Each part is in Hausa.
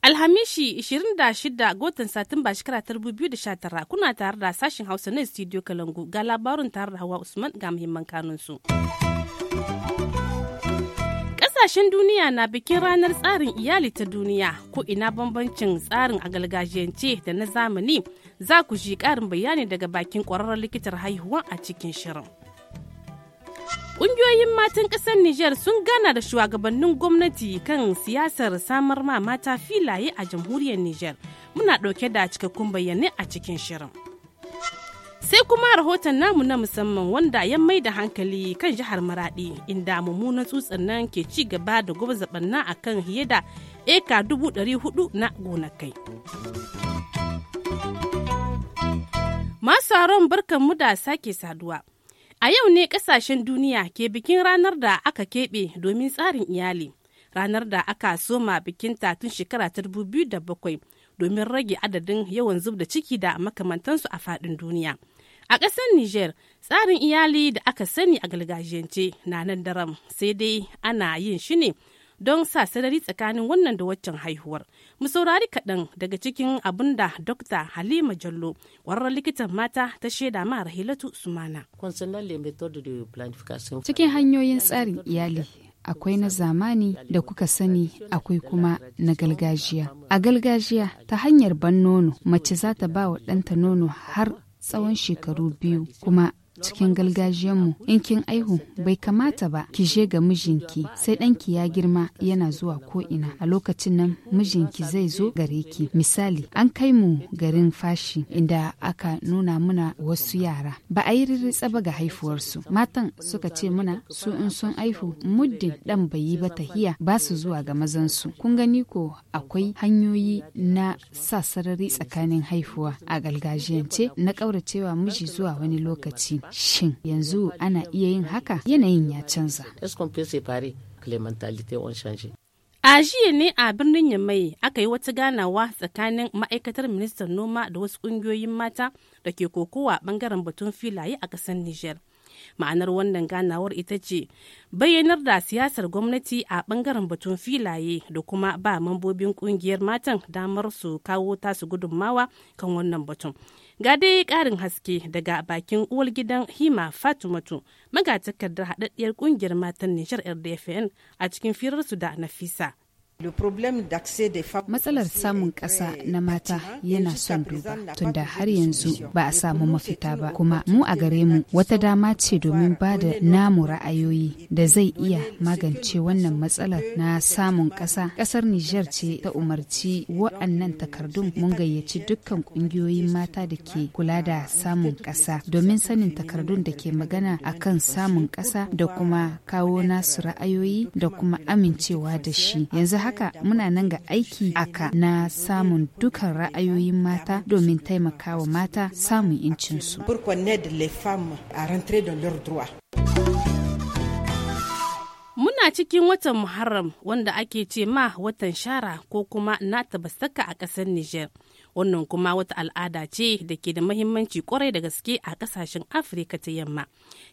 Alhamishi 26 gotan Satumba shekara ta 2019 kuna tare da sashen Hausa na Studio Kalangu ga labarin tare da Hawa Usman ga muhimman kanunsu. kasashen duniya na bikin ranar tsarin iyali ta duniya ko ina bambancin tsarin a gargajiyance da na zamani za ku ji karin bayani daga bakin kwararren likitar haihuwa a cikin shirin. Ƙungiyoyin matan ƙasar Nijar sun gana da shugabannin gwamnati kan siyasar samar ma mata filaye a jamhuriyar Nijar. Muna ɗauke da cikakkun bayanai a cikin shirin. Sai kuma rahoton namu na musamman wanda ya mai da hankali kan jihar Maradi inda mummunan tsutsan nan ke ci gaba da gwabza banna a kan fiye da eka hudu na gonakai. Masu barkan mu da sake saduwa. A yau ne kasashen duniya ke bikin ranar da aka keɓe domin tsarin iyali, ranar da aka soma bikin tatun shekara ta bakwai. domin rage adadin yawan zub da ciki da makamantansu a faɗin duniya. A ƙasar nijar tsarin iyali da aka sani a galgajiyance na nan daram sai dai ana yin shi ne don sa sarari tsakanin wannan da waccan haihuwar. Mu saurari kaɗan daga cikin abin da Dokta Halima Jallo, ƙwararren likitan mata ta shaida ma Rahilatu Sumana. Cikin hanyoyin tsarin iyali akwai na zamani da kuka sani akwai kuma na galgajiya A galgajiya ta hanyar ban nono mace za ta ba wa ɗanta nono har tsawon shekaru biyu kuma cikin mu, in kin aihu bai kamata ba ki je ga mijinki sai ɗanki ya girma yana zuwa ko ina a lokacin nan mijinki zai zo gare ki misali an kai mu garin fashi inda aka nuna muna wasu yara ba a yi riritsa ba ga haifuwarsu matan suka ce muna su in sun aihu muddin ɗan bai yi ba tahiya ba su zuwa ga mazansu kun gani ko akwai hanyoyi na sa sarari tsakanin haifuwa? a gargajiyance na ƙauracewa miji zuwa wani lokaci Shin yanzu ana iya yin haka yanayin ya canza. A jiya ne a birnin Yamai aka yi wata ganawa tsakanin ma'aikatar ministan noma da wasu ƙungiyoyin mata da ke kokowa bangaren batun filaye a ƙasar Nijar. Ma'anar wannan ganawar ita ce bayyanar da siyasar gwamnati a bangaren batun filaye da kuma ba mambobin ƙungiyar matan damar su kawo tasu gudunmawa kan wannan batun. Ga dai ƙarin haske daga bakin uwar gidan Hima Fatumatu magatakardar haɗaɗɗiyar ƙungiyar matan nishar RDFN a cikin firarsu da Nafisa Matsalar samun ƙasa na mata yana son duba tunda har yanzu ba a samu mafita ba kuma mu a gare mu wata dama ce domin ba da namu ra'ayoyi da zai iya magance wannan matsalar na samun ƙasa. Ƙasar Nijar ce ta umarci wa'annan takardun mun gayyaci dukkan ƙungiyoyin mata da ke kula da samun ƙasa domin sanin takardun da ke magana akan samun ƙasa da kuma kawo nasu ra'ayoyi da kuma amincewa da shi. Yanzu haka muna nan ga aiki aka na samun dukan ra'ayoyin mata domin taimakawa mata samun incinsu. Muna cikin watan Muharram wanda ake ce ma watan shara ko kuma na tabasaka a ƙasar Nijar. wannan kuma wata al'ada ce da ke da mahimmanci kwarai da gaske a kasashen afirka ta yamma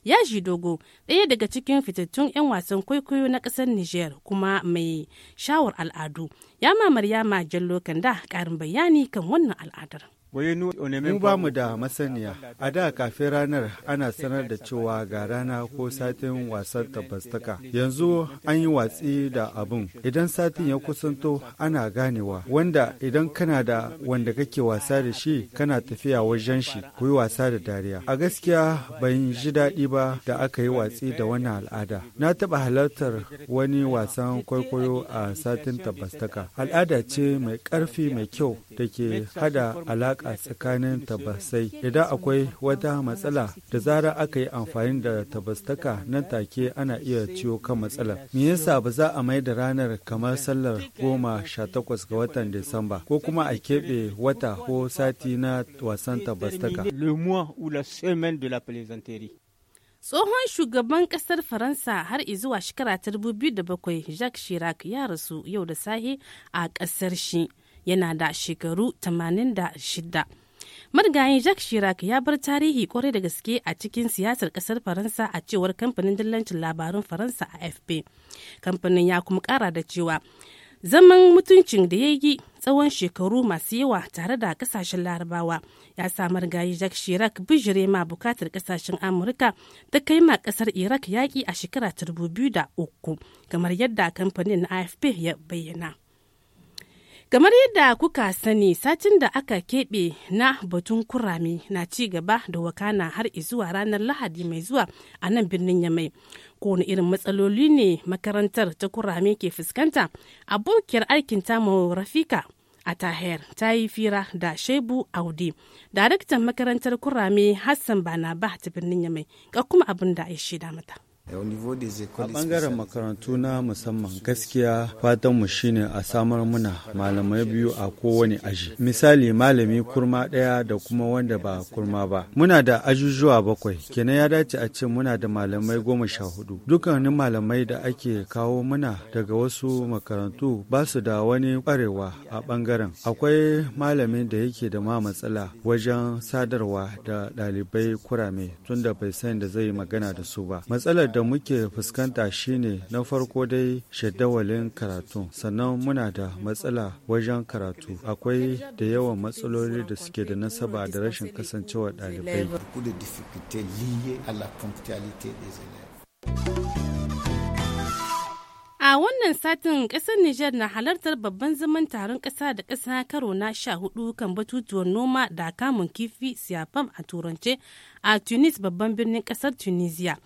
ya shi dogo ɗaya daga cikin fitattun 'yan wasan kwaikwayo na ƙasar niger kuma mai shawar al'adu ya yama jallo kanda ƙarin bayani kan wannan al'adar Mu ba mu da masaniya. A da kafin ranar ana sanar da cewa ga rana ko satin wasan tabbastaka. Yanzu an yi watsi da abun Idan satin ya kusanto ana ganewa. Wanda idan kana da wanda kake wasa da shi kana tafiya wajen shi ku yi wasa da dariya. A gaskiya ban ji daɗi ba da aka yi watsi da wannan al'ada. Na taɓa halartar wani wasan kwaikwayo a satin tabbastaka. Al'ada ce mai ƙarfi mai kyau da ke hada alaƙa a tsakanin tabasai idan akwai wata matsala da zara aka yi amfani da tabastaka nan take ana iya ciwo kan matsalar me yasa ba za a mai da ranar kamar sallar goma sha takwas ga watan disamba ko kuma a keɓe wata ko sati na wasan tabastaka Tsohon shugaban kasar Faransa har izuwa shekara ta 2007 Jacques Chirac ya rasu yau da sahe a kasar shi. yana da shekaru 86 marigayin jacques chirac ya bar tarihi kwarai da gaske a cikin siyasar kasar faransa a cewar kamfanin dillancin labarun faransa a afp kamfanin ya kuma kara da cewa zaman mutuncin da ya yi tsawon shekaru masu yawa tare da kasashen larabawa ya sa marigayi jacques chirac bijire ma bukatar kasashen amurka ta kai ma kasar iraq yaƙi a shekara 2003 kamar yadda kamfanin na afp ya bayyana Kamar yadda kuka sani satin da aka keɓe na batun kurami na ci gaba da wakana har zuwa ranar Lahadi mai zuwa a nan birnin Yamai. Kowane irin matsaloli ne makarantar ta kurami ke fuskanta abokiyar aikin tamu Rafika a Taher ta yi fira da Shebu Audi, daraktan makarantar kurami Hassan bana ba ta birnin Yamai, ga kuma abin da ya shida mata. Eh, a ɓangaren makarantu na musamman gaskiya fatanmu shine a samar muna malamai biyu a kowane aji. Misali malami kurma ɗaya da kuma wanda ba kurma ba. Muna da ajujuwa bakwai, kenan ya dace a ce muna da malamai goma sha hudu. Dukkanin malamai da ake kawo muna daga wasu makarantu ba su da wani kwarewa a ɓangaren. Akwai malamin da yake da ma matsala wajen sadarwa da ɗalibai kurame tunda bai san da zai magana da su ba. Matsalar da muke fuskanta shine na farko dai shaddawalin karatu sannan muna da matsala wajen karatu akwai da yawan matsaloli da suke da nasaba da rashin kasancewa dalibai. A wannan satin ƙasar Nijar na halartar babban zaman taron ƙasa da ƙasa karo na sha hudu kan batutuwar noma da kamun kifi siyafam a turance a Tunis babban birnin ƙasar Tunisia.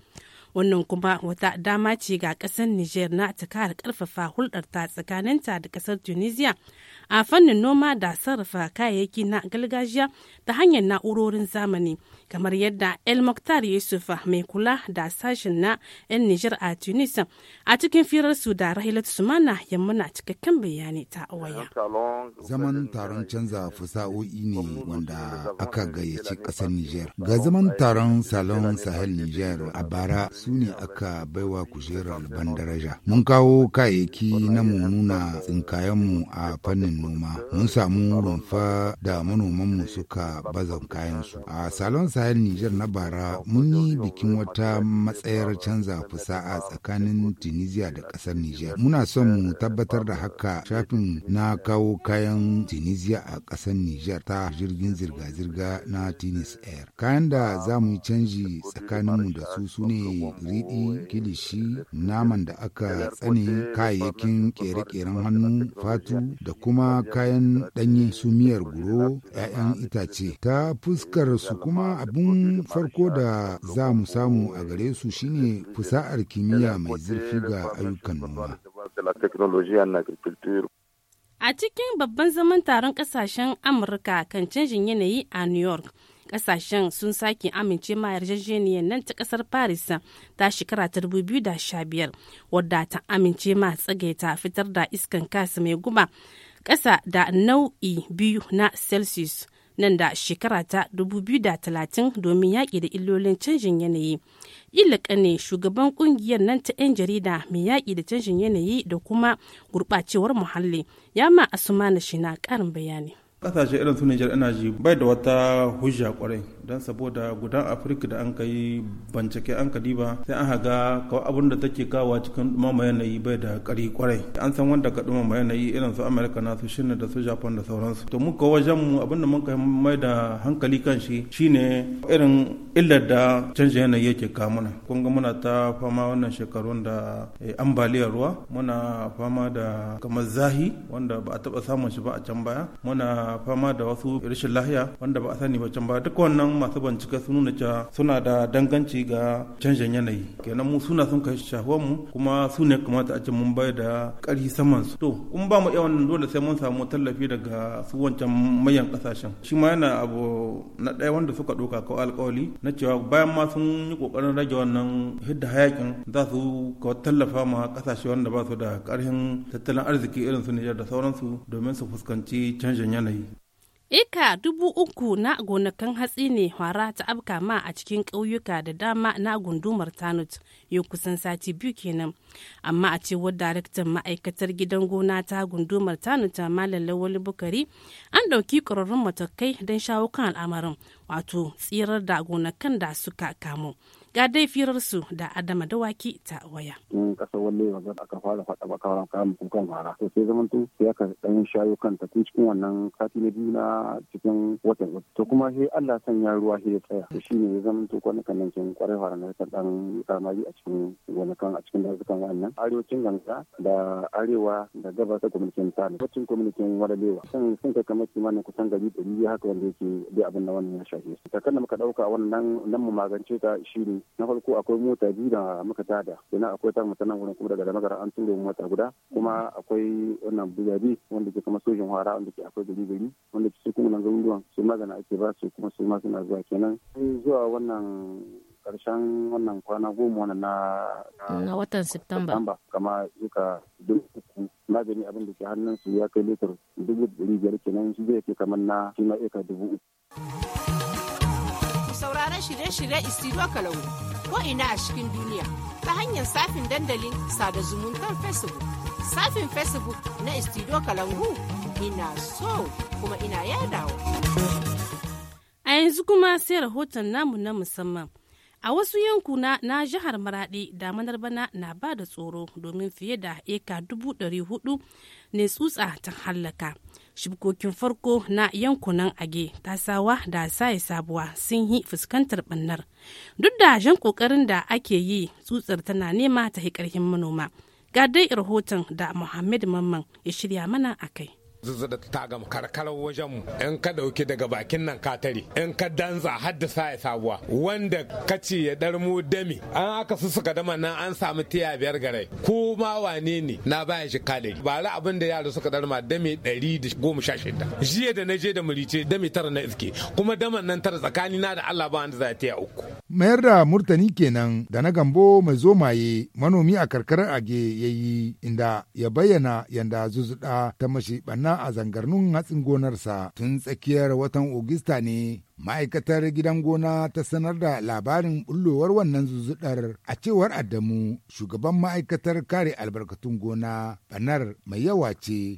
wannan kuma wata dama ce ga kasar niger na ta kara karfafa hulɗar ta tsakaninta da kasar tunisia a fannin noma da sarrafa kayayyaki na gargajiya ta hanyar na'urorin zamani kamar yadda el moktar yusuf mai kula da sashen na 'yan niger a tunisia a cikin su da rahilat sumana yammuna cikakken bayani ta waya zaman taron canza fasa'o'i ne wanda aka gayyaci kasar niger ga zaman taron salon sahel niger a bara su ne aka baiwa kujerar ban daraja. Mun kawo kayayyaki na mu tsinkayenmu a fannin noma. Mun samu rumfa da manomanmu suka baza kayansu. A Salon Sahel Nijar na bara mun yi bikin wata matsayar canza a tsakanin Tunisia da ƙasar Nijar. Muna son mu tabbatar da haka shafin na kawo kayan Tunisia a ƙasar Nijar ta jirgin zirga-zirga na Tunis Air. Kayan da za mu yi canji tsakaninmu da su su ne riɗi kilishi naman da aka tsane kayayyakin ƙere-ƙeren hannu fatu da kuma kayan ɗanye su miyar guro 'ya'yan itace ta fuskar su kuma abin farko da za mu samu a gare su shine fusa'ar kimiyya mai zurfi ga ayyukan noma A cikin babban zaman taron ƙasashen Amurka kan canjin yanayi a New York, kasashen sun sake amince ma yarjejeniyar nan ta kasar paris ta shekara ta biyar wadda ta amince ma tsagaita fitar da iskan kasa mai guba kasa da nau'i biyu na celsius nan da shekara ta 2030 domin yaƙi da illolin canjin yanayi. ilaka ne shugaban ƙungiyar nan ta 'yan jarida mai yaƙi da canjin yanayi da kuma gurɓacewar muhalli, ya asuma na shi na ƙarin bayani. kasashe irin su Nijar ina ji bai da wata hujja kwarai don saboda gudan Afirka da an kai bincike an ka diba sai an haga kawai abin da take kawo cikin dumama yanayi bai da kari kwarai an san wanda ka dumama yanayi irin su Amerika na su shine da su Japan da sauransu to muka wajen mu abin da mun kai mai da hankali kan shi shine irin illar da canjin yanayi yake kawo mana kun ga muna ta fama wannan shekarun da eh, ambaliyar ruwa muna fama da kamar zahi wanda ba a taba samun shi ba a can baya muna fama da wasu rashin lahiya wanda ba a sani ba can ba duk wannan masu bincike sun nuna cewa suna da danganci ga canjin yanayi kenan mu suna sun kai shahuwar mu kuma su ne kamata a ce mun bai da ƙarfi saman su to kun ba mu iya wannan dole sai mun samu tallafi daga su wancan mayan kasashen shi ma yana abu na ɗaya wanda suka ɗauka ko alƙawali na cewa bayan ma sun yi ƙoƙarin rage wannan hidda hayakin za su ka tallafa ma kasashe wanda ba su da ƙarfin tattalin arziki irin su Nijar da sauransu domin su fuskanci canjin yanayi Eka dubu uku na gonakan hatsi ne hwara ta afka ma a cikin ƙauyuka da dama na gundumar Tanut yau kusan sati biyu kenan. Amma a cewar daraktan ma'aikatar gidan gona ta gundumar Tanut Malam Lawali Bukari an ɗauki ƙwararrun matakai don shawo kan al'amarin wato tsirar da gonakan da suka kamu. Ga dai firarsu da Adama Dawaki ta waya. Tun kasar wani yanzu aka fara faɗa ba kawaran kayan kukan fara. To sai zaman tun sai aka ɗan shayo ta tun cikin wannan sati na biyu na cikin watan To kuma sai Allah sanya ruwa sai ya tsaya. To shi ne ya zaman tun kwanukan nan kin kwarai fara na ta ɗan ramari a cikin gonakan a cikin dazukan wannan. Arewacin Ganga da Arewa da gabas ta gwamnatin Sani. Wacin gwamnatin Wadalewa. Sun sun kai kamar kimanin kusan gari ɗari haka wanda yake bi abin da wannan ya shafe su. Takan da muka ɗauka wannan nan mu magance ta shi ne na farko akwai mota biyu da muka tada sannan akwai ta mutanen wurin kuma daga da magara an turo mota guda kuma akwai wannan bujabi wanda ke kama sojin hara wanda ke akwai gari gari wanda su kuma nan ruwan su magana ake ba su kuma su ma suna zuwa kenan zuwa wannan karshen wannan kwana goma na na watan Septemba kama duka duk uku magani abin da ke hannun su ya kai litar dubu biyar kenan shi zai ke kamar na shi ma eka dubu uku. sauraron shirye-shirye Isiro Kalangu ko ina a cikin duniya ta hanyar safin dandalin sada zumuntar Facebook. Safin Facebook na Isiro Kalangu ina so kuma ina yadawa. A yanzu kuma sai rahoton namu na musamman. A wasu yankuna na jihar Maraɗi damanar bana na ba da tsoro domin fiye da eka dubu ɗari hudu ne tsutsa ta hallaka. Shibkokin farko na yankunan age tasawa da sai sabuwa sun yi fuskantar ɓannar. Duk da jan ƙoƙarin da ake yi tsutsar tana nema ta hi ƙarfin manoma. Ga dai rahoton da Muhammad Mamman ya shirya mana a kai. zuzzada ta gama karkarar wajen mu in ka dauki daga bakin nan ka tare in ka danza haddasa ya sabuwa wanda kace ya dar mu dami an aka suka dama nan an samu tiya biyar garai ku ma wane ne na baya shi kale ba la abin da yaro suka dar ma dami ɗari da goma sha shida jiya da na je da murice dami tara na iske kuma daman nan tara tsakani na da Allah ba wanda za ta uku mayar da murtani kenan da na gambo mai zomaye manomi a karkarar age ya yi inda ya bayyana yanda zuzuɗa ta mashi ɓanna a zangarnun hatsin gonarsa tun tsakiyar watan ogista ne ma'aikatar gidan gona ta sanar da labarin bullowar wannan zuzudar a cewar adamu shugaban ma'aikatar kare albarkatun gona banar mai yawa ce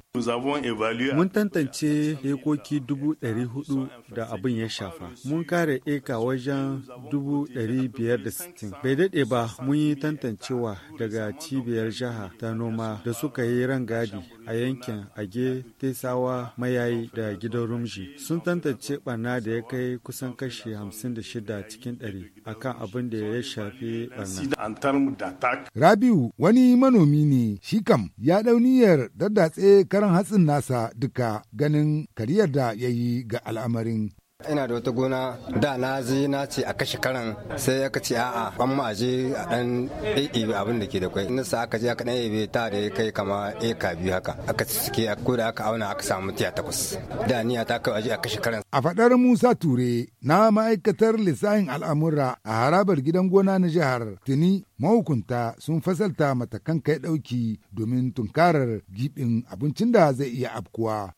mun tantance hekoki dubu ɗari hudu da abin ya shafa mun kare eka wajen dubu ɗari biyar da sittin bai daɗe ba mun yi tantancewa daga cibiyar jiha ta noma da suka yi rangadi a yankin age tesawa mayayi da gidan rumji sun tantance ɓanna da ya kai kai kusan kashi 56 cikin 100 kan abin da ya shafi barna. Rabiu wani manomi ne shi kam ya dau daddatse karan hatsin nasa duka ganin kariyar da ya yi ga al'amarin ina da wata gona da na je na ce a kashe karan sai aka ce a'a an ma je a dan ɗaiɗibi abin da ke da kwai sa aka je aka dan ɗaiɗibi ta da ya kai kama eka biyu haka aka suke a koda aka auna aka samu tiya takwas da ni ta kai a kashe karan. a faɗar musa ture na ma'aikatar lissahin al'amura a harabar gidan gona na jihar tuni mahukunta sun fasalta matakan kai ɗauki domin tunkarar gibin abincin da zai iya afkuwa.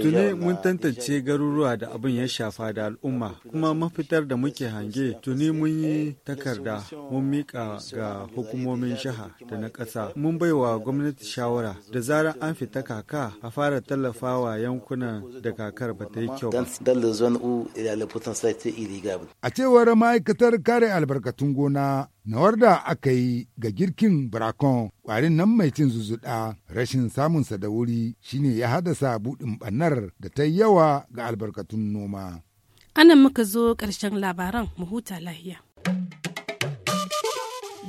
tuni mun tantance garuruwa da abin ya shafa da al'umma kuma mafitar da muke hange tuni mun yi takarda mun mika ga hukumomin jiha da na ƙasa mun baiwa gwamnati shawara da zarar an fita kaka a fara tallafawa yankunan da kakar ba ta yi kyau a cewar ma'aikatar kare albarkatun gona Nawar da aka yi ga girkin Brakon ƙwarin nan mai cin zuzuɗa rashin samunsa da wuri shine ya haddasa buɗin ɓannar da ta yawa ga albarkatun noma. Anan muka zo ƙarshen labaran mu huta lahiya.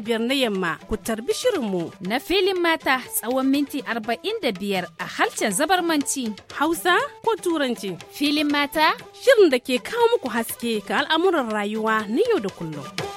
biyar na yamma ku tarbi shirinmu. Na filin mata tsawon minti arba'in da biyar a halcin zabarmanci. Hausa ko Turanci. Filin mata. Shirin da ke kawo muku haske ga al'amuran rayuwa na yau da kullum.